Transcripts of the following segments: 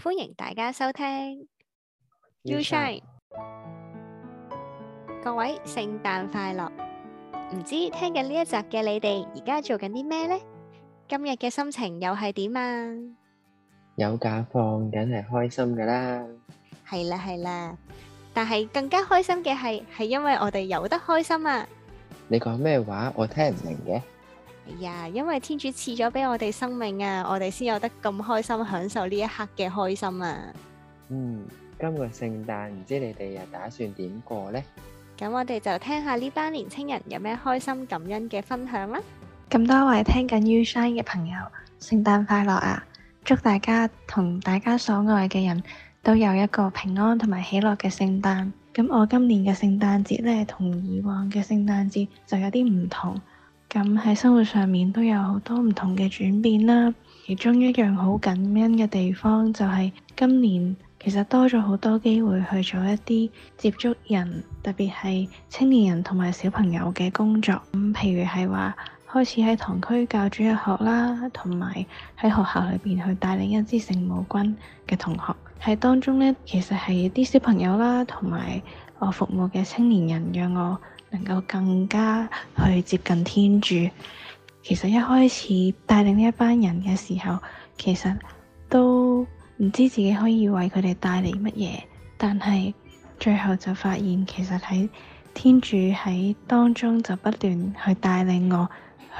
歡迎大家收聽，You Shine，各位聖誕快樂。唔知聽緊呢一集嘅你哋而家做緊啲咩呢？今日嘅心情又係點啊？有假放梗係開心噶啦，係啦係啦。但係更加開心嘅係係因為我哋有得開心啊！你講咩話？我聽唔明嘅。呀，yeah, 因為天主賜咗俾我哋生命啊，我哋先有得咁開心享受呢一刻嘅開心啊。嗯，今個聖誕唔知你哋又打算點過呢？咁我哋就聽下呢班年青人有咩開心感恩嘅分享啦。咁多位聽緊 U Shine 嘅朋友，聖誕快樂啊！祝大家同大家所愛嘅人都有一個平安同埋喜樂嘅聖誕。咁我今年嘅聖誕節呢，同以往嘅聖誕節就有啲唔同。咁喺生活上面都有好多唔同嘅轉變啦，其中一樣好感恩嘅地方就係今年其實多咗好多機會去做一啲接觸人，特別係青年人同埋小朋友嘅工作。咁譬如係話開始喺堂區教主日學啦，同埋喺學校裏邊去帶領一支聖母軍嘅同學，喺當中呢，其實係啲小朋友啦，同埋我服務嘅青年人讓我，能夠更加去接近天主，其實一開始帶領呢一班人嘅時候，其實都唔知自己可以為佢哋帶嚟乜嘢，但係最後就發現，其實喺天主喺當中就不斷去帶領我。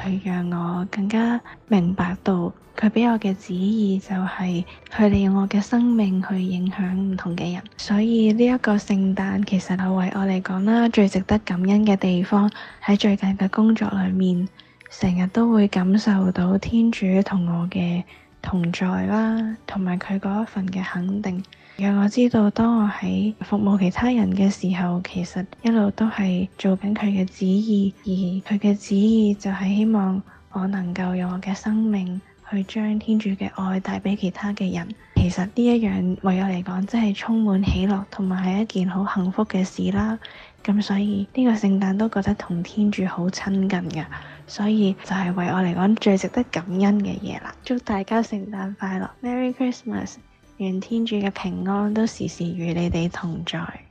去讓我更加明白到，佢畀我嘅旨意就係、是、去利用我嘅生命去影響唔同嘅人。所以呢一、這個聖誕，其實係為我嚟講啦，最值得感恩嘅地方喺最近嘅工作裏面，成日都會感受到天主同我嘅同在啦，同埋佢嗰一份嘅肯定。讓我知道，當我喺服務其他人嘅時候，其實一路都係做緊佢嘅旨意，而佢嘅旨意就係希望我能夠用我嘅生命去將天主嘅愛帶俾其他嘅人。其實呢一樣為我嚟講，真係充滿喜樂，同埋係一件好幸福嘅事啦。咁所以呢個聖誕都覺得同天主好親近噶，所以就係為我嚟講最值得感恩嘅嘢啦。祝大家聖誕快樂，Merry Christmas！願天主嘅平安都時時與你哋同在。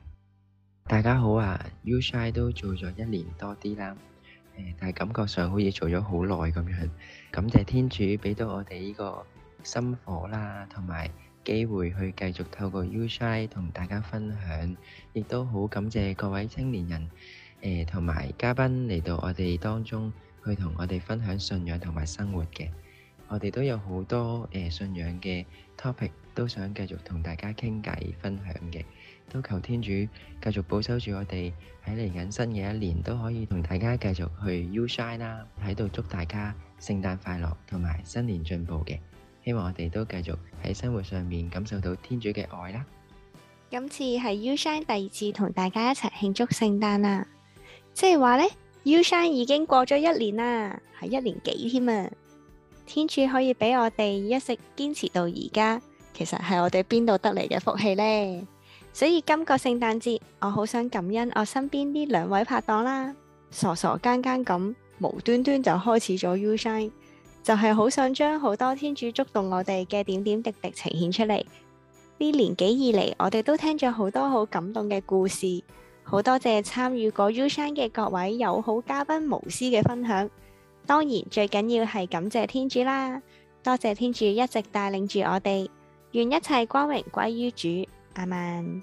大家好啊，U Shine 都做咗一年多啲啦，呃、但係感覺上好似做咗好耐咁樣。感謝天主俾到我哋呢個心火啦，同埋機會去繼續透過 U Shine 同大家分享，亦都好感謝各位青年人呃、同埋嘉賓嚟到我哋當中去同我哋分享信仰同埋生活嘅。我哋都有好多誒、呃、信仰嘅 topic。都想繼續同大家傾偈分享嘅，都求天主繼續保守住我哋喺嚟緊新嘅一年，都可以同大家繼續去 U Shine 啦，喺度祝大家聖誕快樂同埋新年進步嘅。希望我哋都繼續喺生活上面感受到天主嘅愛啦。今次係 U Shine 第二次同大家一齊慶祝聖誕啦，即係話呢，U Shine 已經過咗一年啦，係一年幾添啊！天主可以俾我哋一直堅持到而家。其實係我哋邊度得嚟嘅福氣呢？所以今個聖誕節我好想感恩我身邊呢兩位拍檔啦，傻傻更更咁無端端就開始咗 U Shine，就係好想將好多天主觸動我哋嘅點點滴滴呈現出嚟。呢年幾以嚟，我哋都聽咗好多好感動嘅故事，好多謝參與過、y、U Shine 嘅各位友好嘉賓無私嘅分享。當然最緊要係感謝天主啦，多謝天主一直帶領住我哋。願一切光榮歸於主，阿門。